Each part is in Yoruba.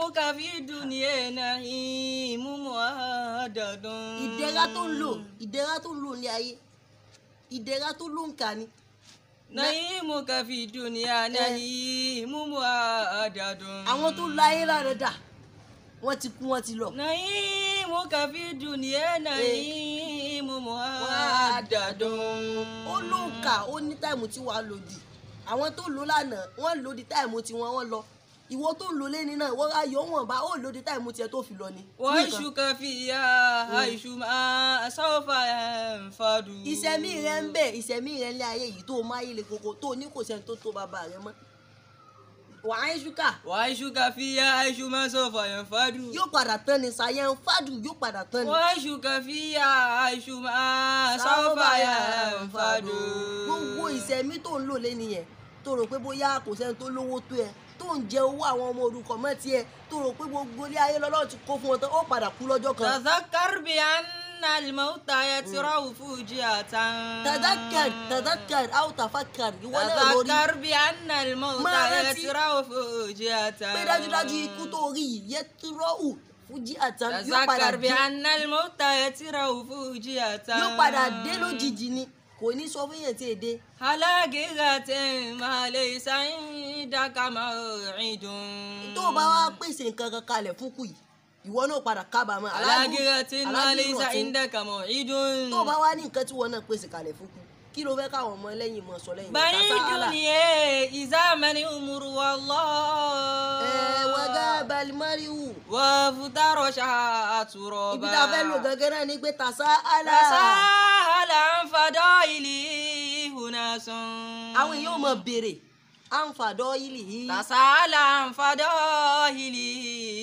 muka fi dunia na'imu mu'adadun. ìdẹ̀ra tó ń lò ìdẹ̀ra tó ń lò ní ayé ìdẹ̀ra tó ló ń kà ni. na'imu muka fi dunia na'imu mu'adadun. àwọn tó láyé lára dà wọ́n ti kú wọ́n ti lọ. na'imu muka fi dunia na'imu mu'adadun. ó ló ń kà ó ní táìmù tí wàá lò di àwọn tó lò lánàá wọ́n lò di táìmù tí wọ́n lọ ìwọ tó ń lo lẹ́ni náà ìwọ ayọ̀ wọn bá ó lòdì táì mú tiẹ̀ tó fi lọ ni. wọ́n iṣu kan fi ya mm. iṣu máa sáwọ́fà fàdù. ìṣẹ̀mí rẹ ń bẹ ìṣẹ̀mí rẹ ńlẹ̀ ayé yìí tó o máa yí le koko tó o ní kò sẹ́ni tó tó bàbá rẹ mọ́ wà á ṣúkà. wà á ṣúkà fi yá aṣọ máa sọ fàyàn fádùn. yóò padà tán ni sàyẹn fádùn yóò padà tán ni. wà á ṣúkà fi yá aṣọ máa sọ fàyàn fádùn. gbogbo ìṣẹ̀mí tó ń lò lé tó rò pé bóyá kò sẹ́ni tó lówó tó ẹ tó ń jẹ owó àwọn ọmọ òrukàn mọ́ tiẹ̀ tó rò pé gbogbo ilé ayé lọ́lọ́ ti kó fún ọ tán ó padà kú lọ́jọ́ kan. tazakar anna alimauta ya ti rawu fuji atan. tazakar tazakar aw tafakar ìwọ náà lórí. tazakar anna alimauta ya ti rawu fuji atan. pé dájúdájú ikú tó rí yìí yẹ ti rọ́ọ̀ù fuji atan yóò padà dé. tazakar anna alimauta ya ti rawu fuji atan. yóò padà dé lójijì ni kò ní sọ fún yẹn tí èdè. alágéra tẹ máa lè sáyìn dáká máa rìn dùn. tó o bá wá pèsè nǹkan kan kalẹ̀ fún kù yìí ìwọ náà padà kábàámọ̀. alágéra tẹ máa lè sáyìn dáká máa rìn dùn. tó o bá wá ní nǹkan tí wọn náà pèsè kalẹ̀ fún kù kí ló fẹ́ káwọn ọmọ lẹ́yìn mọ̀ sọ lẹ́yìn. bàrí dùnìyẹ ìzámẹ́ni umuru wàllọ́. ẹ wàgá balimariu. wà fúdàrọ̀ ṣá àtúrọ̀ bá. ibi tá a fẹ́ lò gẹ́gẹ́ náà ni pé tàṣà àlà. tàṣà àlà ń fa sun. àwọn èèyàn ò mọ béèrè àǹfààdọ́ ìlì yìí. tàṣàlà àǹfààdọ́ ìlì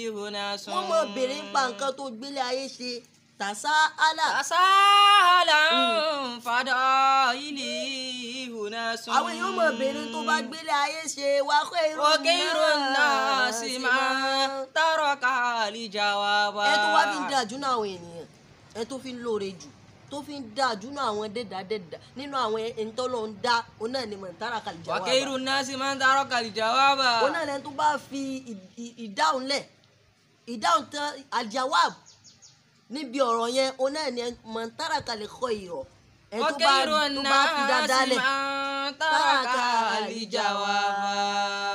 ìhùnà sun. wọ́n mọ béèrè nípa nǹkan tó gbélé ayé ṣe tàṣàlà. tàṣàlà àǹfààdọ́ ìlì ìhùnà sun. àwọn èèyàn ò mọ béèrè tó bá gbélé ayé ṣe wá pé irun náà. òkè irun náà sì máa tọrọ káàlì jà wá wá. ẹ tó wá fi ń dájú náà àwọn ènìyàn ẹ tó fi ń lóore jù tó fi ń dáa jù nínú àwọn dẹ́dàdẹ́dà nínú àwọn ẹ̀ńtọ́lọ́ ń dá òun náà ni mọ̀ntàrà kàlìjà wà bá. wàkẹ́ irú nọ́ọ̀sì máa ń darọ́ kàlìjà wà bá. òun náà lẹ́nu tó bá fi ìdáhùn lẹ̀ ìdáhùn tán àjàwáb níbi ọ̀rọ̀ yẹn òun náà ni mọ̀ntàrà kàlìkọ́ ìrọ̀ ẹ̀ tó bá fi dáadáa lẹ̀ tàràkà àlìjà wà bá.